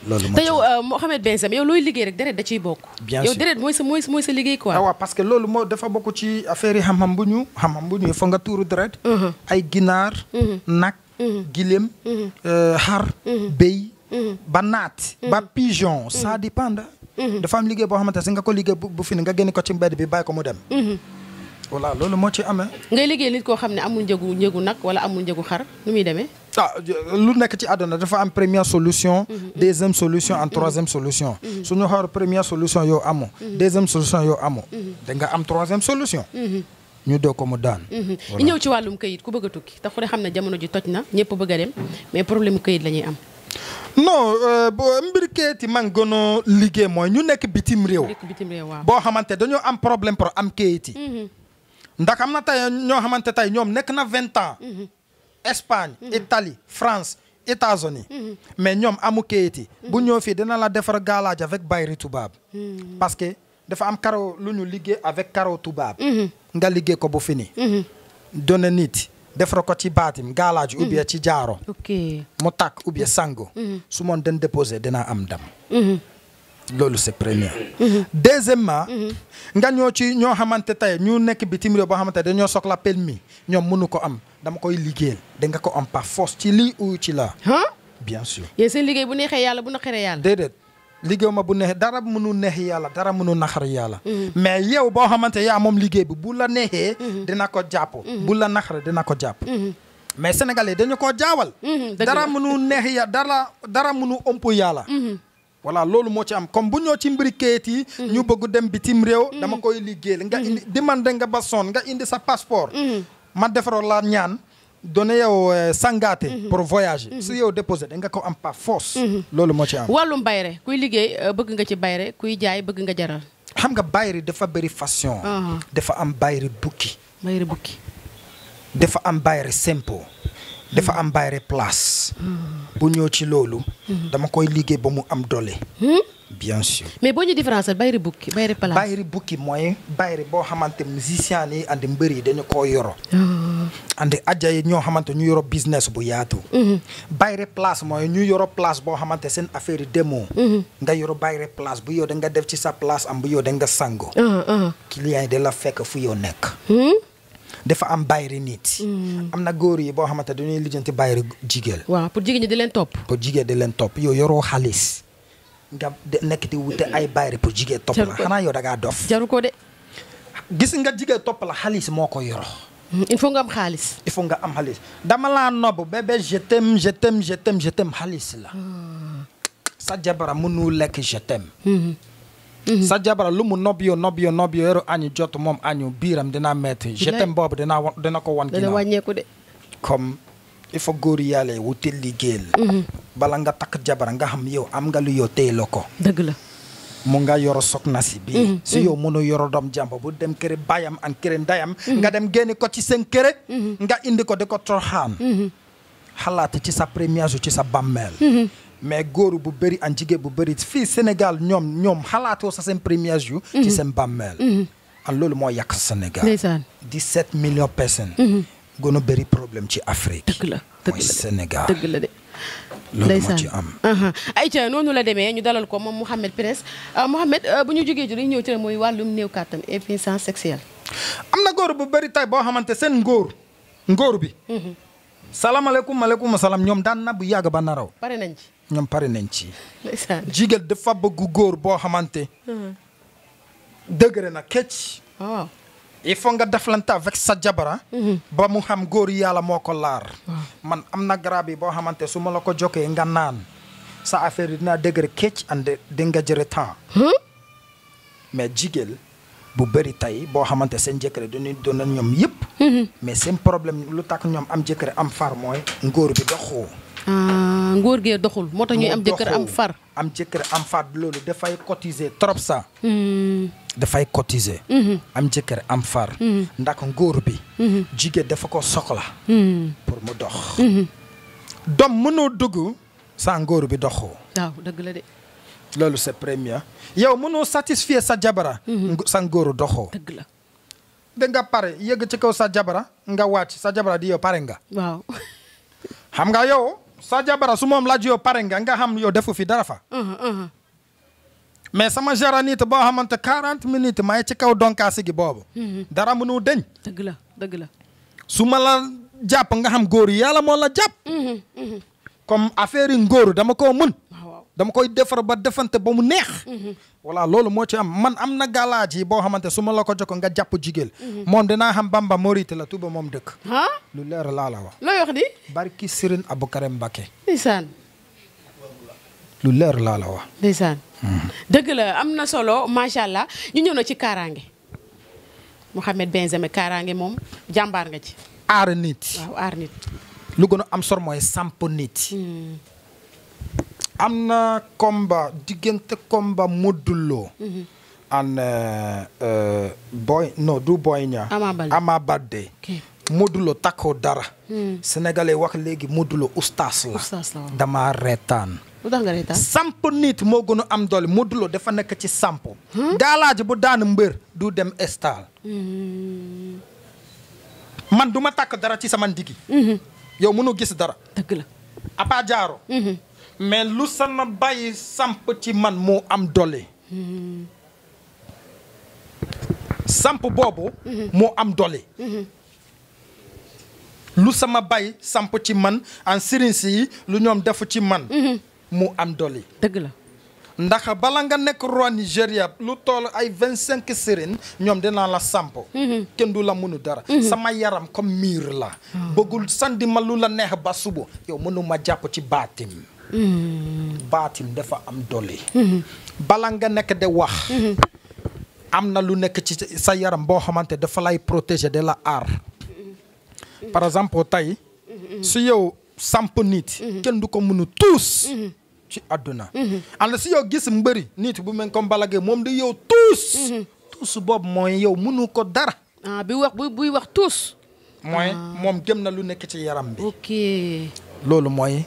loolu moo ci te yow euh, Mohamed Bensam yow looy liggéey rek deret da ciy bokk. bien sûr yow deret mooy sa mooy sa liggéey quoi. waaw ah parce que loolu moo dafa bokk ci affaire yi xam-xam bu ñu xam-xam bu ñu fa nga tuuru deret. ay ginaar. nag. gileem. Euh, xar. béy. Mm-hmm. ba naat ba mm-hmm. pigeon mm-hmm. ça dépend dafa am liggéey boo xamante si nga ko liggéey bu fi ne nga génn ko ci mbedd bi bàyyi ko mu dem voilà loolu moo ci amee ngay liggéey nit koo xam ne amul njëgu njëgu nag wala amul njëgu xar nu muy demee ah lu nekk ci àdduna dafa am première solution deuxième solution en troisième solution suñu xool première solution yow amu deuxième solution yow amu da nga am troisième solution ñu doo ko mu daan ñu ñëw ci wàllum kayit ku bëgg tukki te ku xam ne jamono ji toj na ñëpp bëgg mais problème këyit la ñuy am non euh, mbir keeti man gën a liggéey mooy ñu nekk bitim réew. boo xamante dañoo am problème pour am keeti. Mhm. ndax am na tey ñoo xamante tey ñoom nekk na vingt ans. Mhm. Espagne mhm. Italie France États-Unis mais ñoom amu keeti. bu ñëw fii dina la defar galaaj avec bayri tubaab. parce que dafa am karo lu ñu liggéey avec karo tubaab. nga liggéey ko bu fini. donne nit. defar ko ci baatim gaalaaju ou bien ci jaaro mu tàkk ou sango su moon den déposé dinaa am dam mm-hmm. loolu c'est premier mm-hmm. deuxièmement mm-hmm. nga ñoo ci ñoo xamante tey ñu nekk bitim réew boo xamante dañoo soxla permis ñoom mënu ko am dama koy liggéeyal da nga ko am par force ci lii ou ci laa bien sûr yéen liggéey bu neexee yàlla bu na yàlla déedéet liggéey ma bu neexee dara mënu neex yàlla dara mënu naxar yàlla mm-hmm. mais yow boo xamante yaa moom liggéey bi bu la neexee mm-hmm. dina ko jàpp mm-hmm. bu la naxar dina ko jàpp mais sénégalais dañu koo jaawal dara mënu neex ya dara dara mënu ëmp yàlla voilà loolu moo ci am comme bu ñoo ci mbiri kayit yi ñu bëgg dem bitim réew dama koy liggéey liggéeyal nga indi demande nga ba soon nga indi sa passeport ma defaroon laa ñaan donné yow euh, sangaate mhm. pour voyage mhm. su yow déposé da nga ko am par force mhm. loolu moo ci am wàllum bayre kuy liggéey euh, bëgg nga ci bayre kuy jaay bëgg nga jaral xam nga bayre dafa bëri façon dafa am bayre bukki bayre bukki dafa am bayre sempo dafa am bayre place. bu ñëw ci loolu. dama koy liggéey ba mu am doole. Hmm? bien sûr. mais boo ñu différence bayre bukki bayre place. bayre bukki mooy bayre boo xamante musicien yi andi mbër yi dañu koo yoro ah. andi aja yi ñoo xamante ñu yoro business bu yaatu. Hmm. bayre place mooy ñu yoro place boo xamante seen affaire yi demoo. Hmm. nga yoro bayre place bu yow da nga def ci sa place am bu yow da nga sango. Ah, ah. client yi da fekk fu yow nekk. dafa am bayri nit. Mm. am na góor yi boo xamante dañuy lijjanti bayri jigéen. waaw pour jigéen ñi di leen topp. pour jigéen di leen topp yoo yoroo xaalis nga nekk di wute mm. ay bayri pour jigéen topp la xanaa yow da ngaa jaru ko de. gis nga jigéen topp la moo ko yoro mm, il faut nga am xaalis. il nga am xaalis dama laa nobb bébé je t'aime je t'aime je t'aime je t'aime xaalis la. sa jabara mënul lekk je Mhm. sa jabar lu mu nobyo nobyo nobyo añu jot moom añu biiram dina metti jetem boobu dina wa dina ko wan dina wàññeeku de comme il faut góor yàlla yi wuti liggéey la mhm. bala nga takk jabar nga xam yow am nga lu yow téye la ko dëgg mu nga yoro soxna mhm. si bii si yow mënu yoro doom jambo bu dem kër bayam an kër ndayam nga dem génne ko ci seen kër nga indi ko di ko torxaan xalaat ci sa première su ci sa bàmmeel mais góor bu bëri an jigéen bu bëri fii Sénégal ñoom ñoom xalaatoo sa seen première jours. ci mhm. seen bàmmeel. Mhm. an ah, loolu mooy yàq Sénégal. ndeysaan 17 millions personnes. Mhm. gën a bëri problème ci Afrique. dëgg la dëgg la mooy Sénégal dëgg la de. loolu moo ci am la demee ñu dalal ko moom Mouhamed Prince euh, Mouhamed euh, bu ñu jógee jëli ñëw ci mooy wàllum néew kàttan et puissance sexuelle. am na góor bu bëri tay boo xamante seen ngóor ngóor bi. salaamaaleykum maaleykum salaam ñoom daan na bu yàgg ba naraw. pare nañ ci ñoom pare nañ ci. jigéen dafa bëgg góor boo xamante. Hmm. dëgëre na kecc. waaw oh. il faut nga deflante avec sa jabara. Hmm. ba mu xam góor yàlla moo ko laar. man am na garab yi boo xamante su ma la ko jokkee nga naan sa affaire yi dina dëgëre kecc and di nga jëre temps. Hmm? mais jigéen. bu bëri tey boo xamante seen jëkkër dañuy doon na ñoom yëpp. Mhm. mais seen problème lu tax ñoom am jëkkër am far mooy. ngóor bi doxoo. Ah, ngóor gee doxul moo tax ñuy am jëkkër am far. am jëkkër am far loolu dafay cotiser trop ça. Mhm. dafay cotiser. Mhm. am jëkkër am far. ndax ngóor bi. jigéen dafa ko soxla. pour mu dox. doom mënoo dugg. sans ngóor bi doxoo. waaw dëgg la de. loolu c'est yow mënoo satisfier sa jabara mhm. sa ngóoru doxoo dëgg la pare yëgg ci kaw sa jabara nga wàcc sa jabara di yow pare nga waaw xam nga yow sa jabara su moom laaj yow pare nga nga xam yow defu fi dara fa uh-huh, uh-huh. mais sama jaranit boo xamante quarante minutes may ci kaw donkaasi gi boobu mhm. dara mënul deñ su ma la nga xam góor yi yàlla moo la mhm, comme affaire yi ngóoru dama koo mën dama koy defar ba defante ba mu neex. Mhm. voilà loolu moo ci am man am na galaaj yi boo xamante su ma la ko jokkoo nga jàpp jigéen. Mhm. moom dinaa xam Bamba Morite la Touba moom dëkk. lu leer laa la wax. looy wax di. barki Serigne Abou Karim Mbacké. ndeysaan. lu leer laa la wax. ndeysaan. Mhm. dëgg la am na solo macha allah ñu ñëw na ci kaaraange. Mouhamed Benzema kaaraange moom jàmbaar nga ci. aar lu gën a am sor mooy samp nit. Hmm. am na combat diggante combat Modou Lo mhm. an euh, euh, boy non du boy ña Ama Baldé Modou Lo takkoo dara hmm. sénégalais wax léegi Modou Lo oustas la dama reetaan samp niit moo gën am doole Modou Lo dafa nekk ci samp hmm? gaalaaji bu daan mbër du dem estal hmm. man du ma takk dara ci sama ndigi yow mënu gis dara dëgg mais lu sama bàyyi samp ci man moo am doole. samp boobu. moo am doole. lu sama bàyyi samp ci man en sëriñ si lu ñoom defu ci man. mu am doole. dëgg la. ndax bala nga nekk roi Nigéria lu toll ay vingt cinq sëriñ ñoom dinaa la samp kenn du la mënu dara sama yaram comme miir la ah. bëggul sandi ma lu la neex ba suba yow mënu ma jàpp ci baatim baatin dafa am dolli. bala nga nekk de wax. am na lu nekk ci sa yaram boo xamante dafa lay protéger de la aar. par exemple tey. su yow samp nit. kenn du ko mënu tuus. ci àdduna. ànd si yow gis mbëri nit bu mel comme balagee moom di yow tuus. tuus boobu mooy yow mënu ko dara. ah bi wax buy wax tuus. mooy ah. moom gëm na lu nekk ci yaram bi. ok loolu mooy.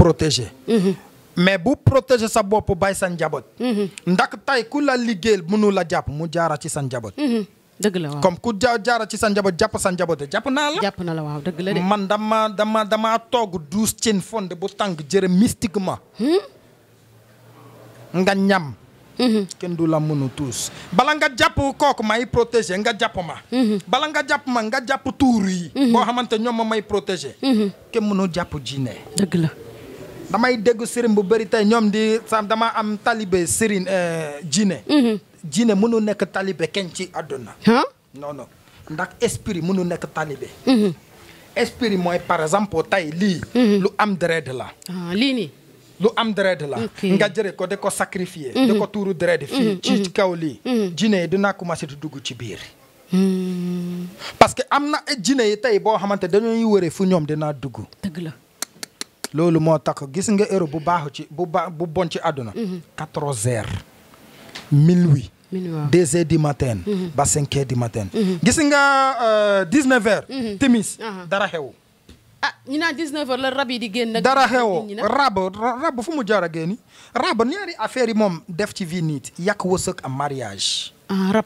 protéger. Mm-hmm. mais bu protéger sa bopp bàyyi sa njaboot. Mm-hmm. ndax tey ku la liggéeyal mënu la jàpp mu jaara ci sa njaboot. Mm-hmm. dëgg la waaw comme ku ja jaara ci sa njaboot jàpp sa njaboot jàpp naa la. na la waaw dëgg la de. man dama dama dama toog douze cin fonde bu tàng jëre mystiquement. Hmm? nga ñam. kenn du la mënu tuus. bala nga jàpp kook may protéger nga jàpp ma. bala nga jàpp ma nga jàpp tuur yi. boo xamante ñoom ma may protéger. kenn mënu jàpp jinne. dëgg la. damay dégg sëriñ bu bëri tey ñoom di sam dama am talibe sëriñ euh, jine mhm. jine mënu nekk talibe kenn ci àdduna non non ndax esprit mënu nekk talibe mhm. esprit mooy par exemple tey lii mhm. lu am deret la ah, lii nii lu am deret la nga jëre ko da ko sacrifier da ko tuuru deret fii ci kaw lii jine yi dinaa commencé di dugg ci biir hmm. parce que am na jine yi tey boo xamante dañuy wëre fu ñoom dinaa dugg dëgg la loolu moo takk gis nga euro bu baaxu ci bu baax bu bon ci àdduna. Mhm. quatorze heures minuit. deux heures du matin. Mhm. ba cinq heures du matin. Mhm. gis nga euh, dix-neuf heures. timis ah. dara xew. ah ñu naan 19h la rab yi di génn nag. dara xewoo rab rab fu mu jaar a génn rab ñaari affaire yi moom def ci vie nit yàq wësëg am mariage. Ah,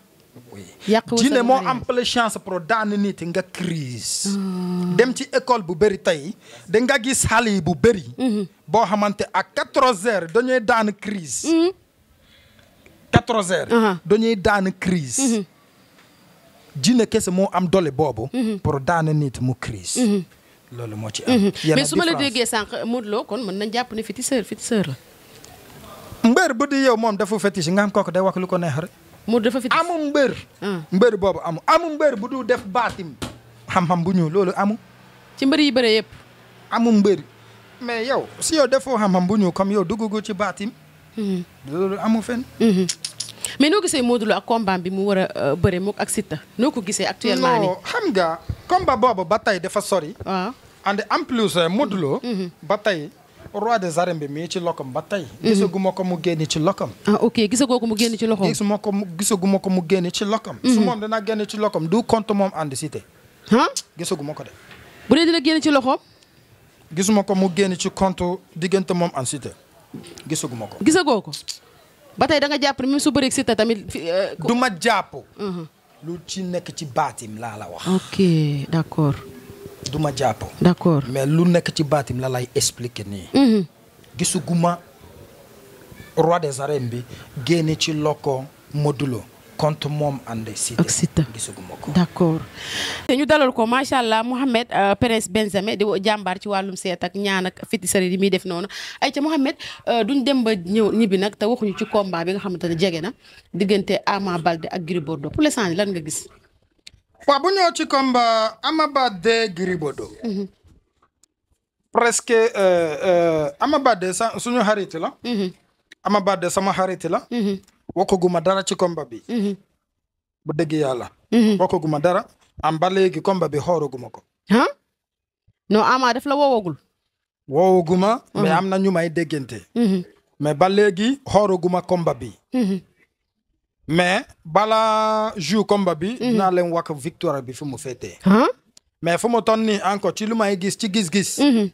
yàq diine moo am pale chance pro daan nit nga crise dem ci école bu bëri tey da nga gis xale bu bëri mhm. boo xamante ak quatorze heures dañuy daan crise mhm. quatorze heures dañuy daan crise diine mhm. kese moo am doole boobu pour daan nit mu crise loolu moo ci am mais su ma la déggee sànq Modou Lo kon mën nañ jàpp ne féticheur féticheur la mbër bu di yow moom dafa fétiche nga xam kooku de wax ko neex rek mu dafa fi amul mbër. Ah. mbër boobu amu amu mbër bu dul def baatim xam-xam bu ñuul loolu amu ci mbër yi bëree yëpp. amul mbër mais yow si yow defoo xam-xam bu ñuul comme yow duggugu ci baatim. Hmm. loolu amu fenn. Hmm. mais noo gisee Modou Lo ak combat bi mu war a euh, bëre mu ak Siteu noo ko gisee actuellement nii. xam ga combat boobu ba tey dafa sori. waaw ah. and en plus euh, Modou hmm. tey. roi des arènes bi mii ci lokom ba tey. Mhm. gisaguma ko mu génn ci lokom. ah ok gisagoo ko mu génn ci lokom. gisuma mhm. ko mu ko mu génn ci lokom. su moom danaa génn ci lokom du compte moom ànd cité. ah gisaguma ko de. bu dee dina génn ci loxoom. gisuma ko mu génn ci compte diggante moom ànd gisaguma ko. gisagoo ko ba tey da nga jàpp même su bëreeg cité tamit. Euh, du ma jàpp. Uh-huh. lu ci nekk ci baatim laa la wax. ok d'accord. du ma jàpp. d'accord mais lu nekk ci baatim la lay expliquer nii. Mm-hmm. gisuguma roi des arènes bi génne ci loko Modou Lo contre moom ànd si. ak Siteu gisuguma ko. d'accord te ñu dalal ko macha allah Mouhamed euh, Prince Benzema di jàmbaar ci wàllum seetak ak ñaan ak féticheur yi muy def noonu ay ca Mouhamed euh, duñ dem ba ñëw ñibbi nag te waxuñu ci combat bi nga xamante ne jege na diggante Ama Baldé ak Gris Bordeaux pour l'instant lan nga gis. Pape bu ñëw ci combat Ama Baldé Gris Bordeaux. Mhm. presque e, Ama Baldé sa suñu xarit la. Mhm. Ama Baldé sama xarit la. Mhm. waxaguma dara ci komba bi. bu dëgg yàlla. waxaguma dara am ba léegi combat bi xooraguma ko. ah non Ama daf la woowagul. woowaguma. mais am na ñu may déggante. mais ba léegi xooraguma combat bi. mais balaa jour combat bi. Mhm. dinaa leen wax victoire bi fu mu féetee. mais fu mu toll nii encore ci lu may gis ci gis-gis. Mhm.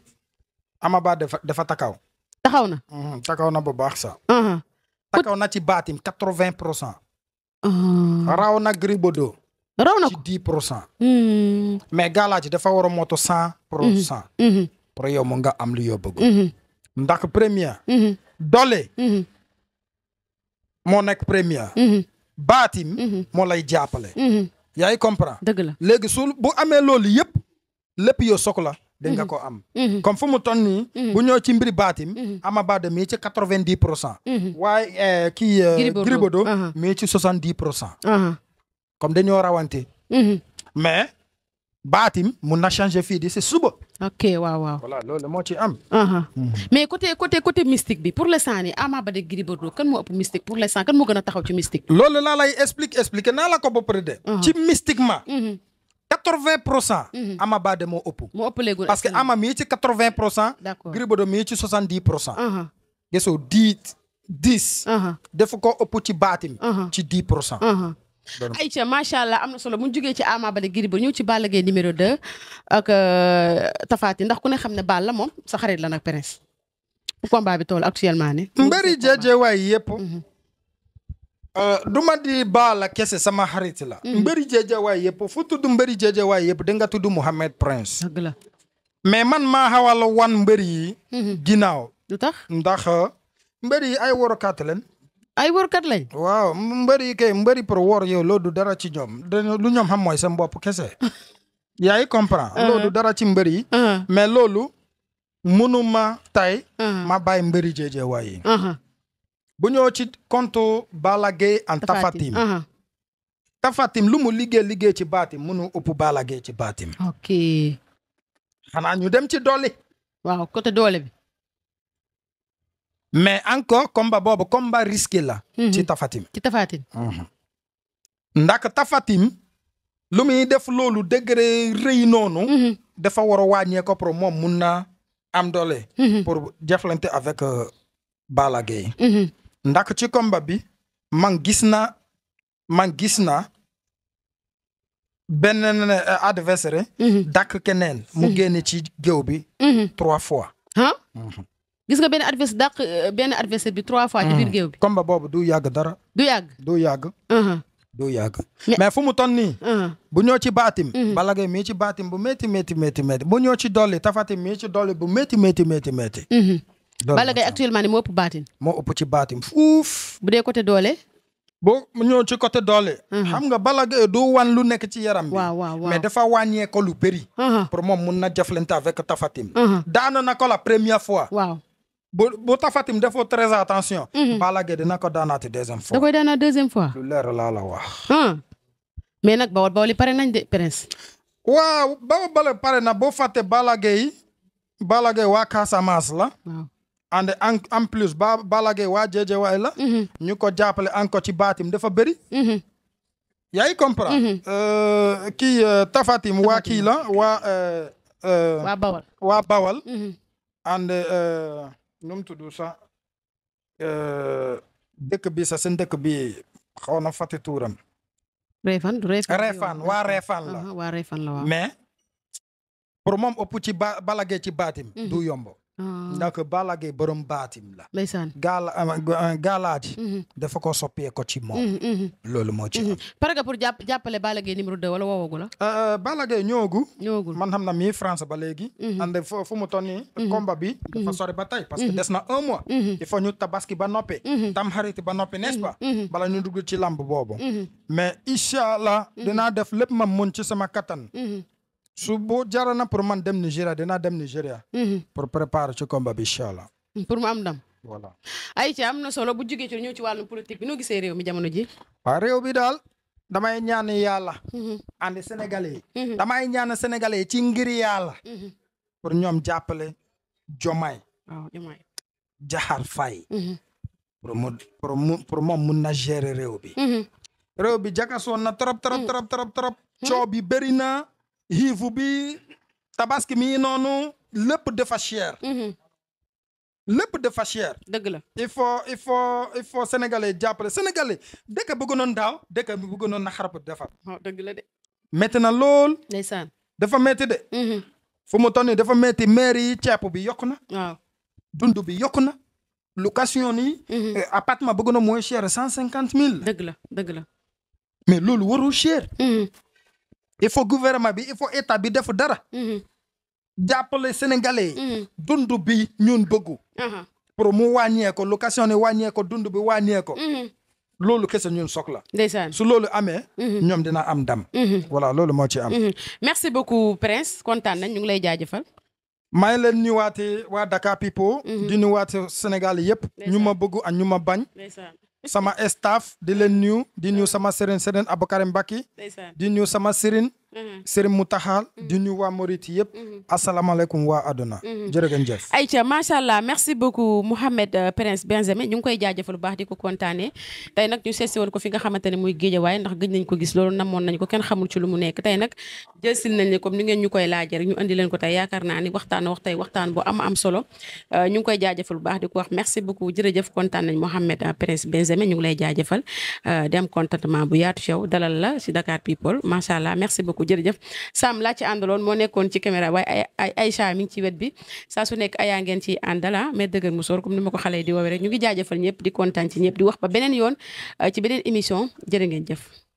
Ama Baldé dafa dafa takaw. na. Mhm, takaw na bu baax sax. Uh-huh. takaw na ci baatim quatre vingt pour cent. Uh-huh. raw na Gris Bordeaux. raw na ko ci dix pour cent. Hmm. mais galaaj dafa war a moto cent pour cent. yow mu nga am lu yo bëgg. ndax première. doole. moo nekk première. Mhm. baatin. Mhm. moo lay jàppale. Mhm. yaa ngi comprendre. dëgg la léegi su bu amee loolu yëpp lépp yoo soxla. da nga ko am. comme fu mu toll nii. bu ñëw ci baatim. Ama Baldé mii ci quatre vingt dix pour cent. waaye eh, kii. Eh, Gris Bordeaux uh-huh. mii ci soixante dix pour uh-huh. comme dañoo rawante. mais baatim mun na changer fii di si suba. ok waaw waaw. voilà loolu moo ci am. Mhm. mais côté côté côté mystique bi pour l'instant nii Ama Baldé Gris Bordeaux kan moo ëpp mystique pour l'instant kan moo gën a taxaw ci mystique. loolu laa lay explique expliqué naa la ko ba de. ci mystiquement. 80 mhm. pour cent. Mhm. Ama moo ëpp. moo ëpp léegi parce que Ama mi ngi ci 80 pour cent. mi ngi ci 70 pour cent. gisoo 10 10. dafa ko ëpp ci baatim. ci 10 pour cent. ay ayca macha allah am na solo bu ñu jógee ci Ama Baldé Gris Bordeaux ñëw ci Balla Gaye numéro 2 ak euh, Tapha Tine ndax ku ne xam ne Balla moom sa xarit la nag Prince bu combat bi toll actuellement ni mbëri jeejewaay yëpp. Mhm. Euh, du ma di Balla kese sama xarit la. Mhm. mbëri jeejewaay yëpp fu tudd mbëri jeejewaay yëpp da nga tudd Mouhamed Prince. dëgg la mais man maa xawal wan mbëri yi. Mhm. ginnaaw. lu tax ndax mbëri yi ay worokaat leen. ay wóorkat lañ. waaw mbëri kay mbëri pro wóor yow loolu du dara ci ñoom lu ñoom xam mooy seen bopp kese. *laughs* yaa ngi comprendre. Uh-huh. loolu du dara ci mbëri yi. Uh-huh. mais loolu mënuma tay uh-huh. ma bàyyi mbëri jéejeewaay yi. bu ñëw ci compte Balla Gaye en Tafatim. lu mu liggéey liggéey ci baatim mënu ëpp Balla Gaye ci baatim. ok. xanaa ñu dem ci doole. waaw côté doole bi. mais encore combat boobu combat risqué la. Mhm. ci tafatim ci tafatim. Mhm. ndax lu muy def loolu degré rëy noonu. Mhm. dafa war a wàññee ko moom mun na am doole. pour jëflante avec euh, Balla Gaye. ndax ci komba bi man gis na man gis na benn euh, adversaire. keneen. mu génne ci géew bi. trois fois. gis nga benn adversaire dàq euh, benn adversaire bi trois fois. ci biir mm. bi combat boobu du yàgg dara. du yàgg du yàgg. Uh-huh. du yàgg mais fu mu ton nii. Uh-huh. bu ñëw ci baatim. Mm-hmm. Balla Gaye ci baatim bu métti métti métti métti bu ñëw ci dolli tafati mii ci bu métti métti métti métti. doole mm-hmm. Balla Gaye moo ëpp ci baatim fuuf. bu dee côté doole. bu ñëw ci côté doole. Mm-hmm. xam nga Balla Gaye du wan lu nekk ci yaram bi. waaw waaw mais dafa wàññee ko lu bëri. Uh-huh. pour moom mun na jëflante avec tafatim. daana na ko la première fois. waaw. bu bu tafatim defoo très attention. Mhm. Balla Gaye dina ko daanaati deuxième fois. da koy deuxième fois. lu leer laa la wax. Ah. mais nag bawol bawol yi pare nañ de prince. waaw bawol bawol na boo fàtte Balla Gaye Balla Gaye waa Casamance la. and en plus ba Balla Gaye waa Jeejewaay la. Mhm. ñu ko jàppale encore ci baatim dafa bëri. Mhm. yaa ngi comprendre. Euh, kii euh, tafatim waa kii la waa. bawal euh, waa bawal. nu mu tudd sax euh, dëkk bi sax seen dëkk bi xaw na fàtte tuuram. Réfan Réfan waa Réfan la. waa Réfan la waaw mais pour moom ëpp ci ba balage ci baatim. Mhm. du yomb. Ah. ndax Balla Gaye borom baatim la. ndeysaan gaala ah, gaalaaji. Ah, mhm. dafa ko soppee ko ci moom. Mhm, mhm. loolu moo ci am. pare nga pour jàpp jàppale Balla Gaye numéro 2 wala woowagu la. Balla Gaye ñoogu. ñoogu man xam na mi France ba léegi. and fo fu mu toll bi. dafa sori ba tey parce na un mois. ñu tabaski ba noppi. tam ba noppi n'est-ce pas. bala ñu dugg ci lamb boobu. mais incha allah dinaa def lépp ma mun ci sama su boo jaroon na pour man dem Nigéria dinaa dem Nigéria. Mhm. pour préparer ci ba bi incha allah. pour mu am ndam. voilà. ayca am na solo bu jugee ci ñëw ci wàllum politique bi noo gisee réew mi jamono ji. waaw rew bi daal. damay ñaan yàlla. andi mhm. sénégalais yi. Mhm. dama ñaan sénégalais yi ci ngir yàlla. pour ñoom jàppale Jomay. waaw Jomay. Jaxar Faye. pour mu pour mu pour moom mun na gérer réew bi. réew bi jakasoon na trop trop trop trop trop. na. xiifu bi tabaski mi noonu lépp dafa cher. Mhm. lépp dafa cher. dëgg la il faut il faut il faut sénégalais jàppale sénégalais dëkk bëgg noon daaw dëkk bi bëgg na xarab defar. waaw oh, de. métti na lool. ndeysaan dafa métti de. Mhm. fu mu toll nii dafa métti maire yi ceeb bi yokku na. waaw bi yokku na. location yi. Mhm. Eh, appartement bëgg na mooy cent cinquante mille. dëgg la dëgg la. mais il faut gouvernement bi il faut état bi def dara. Mhm. jàppale sénégalais yi. Mhm. dund bi ñun bëggu. pour mu wàññee ko location ni wàññee ko dund bi wàññee ko. Mhm. loolu kese ñun soxla. ndeysaan su loolu amee. ñoom dina am ndam. voilà loolu moo ci am. merci beaucoup Prince kontaan nañ ñu ngi lay jaajëfal. maa ngi leen nuyuwaatee waa Dakar People. di nuyuwaatee Sénégal yëpp. ñu ma bëgg ak ñu ma bañ. sama staff di leen nuyu di nuyu sama sëriñ sëriñ Aboukarim Mbacke di nuyu sama sëriñ mu mm-hmm. Mountakha mm-hmm. di ñu waa Moriti yëpp mm-hmm. asalaamaaleykum waa àdduna jërëgën jëf ayca macha allah merci beaucoup Mouhamed euh, Prince Benjamin ñu ngi koy jaajëfal bu baax di ko kontaane tey nag ñu ko fi nga xamante ne muy Géejawaay ndax gëj nañ ko gis loolu namoon nañ ko kenn xamul ci lu mu nekk tey nag comme ni ngeen ñu koy laajee ñu andi leen ko tey yaakaar naa ni waxtaan wax tey waxtaan bu am euh, koy jaajëfal bu baax di ko wax merci beaucoup jërëjëf kontaan nañ euh, ngi lay jaajëfal di am contentement bu yaatu yow dalal la si Dakar People macha allah merci beaucoup kooku jërëjëf Sam laa ci àndaloon moo nekkoon ci caméra waaye ay Aïcha mi ci wet bi saa su nekk ayaa ngeen ci àndala ah, mais dëgër mu soor comme ni ma ko xale di woowee rek ñu ngi jaajëfal ñëpp di kontaan ci ñëpp di wax ba beneen yoon euh, ci beneen émission jërë ngeen jëf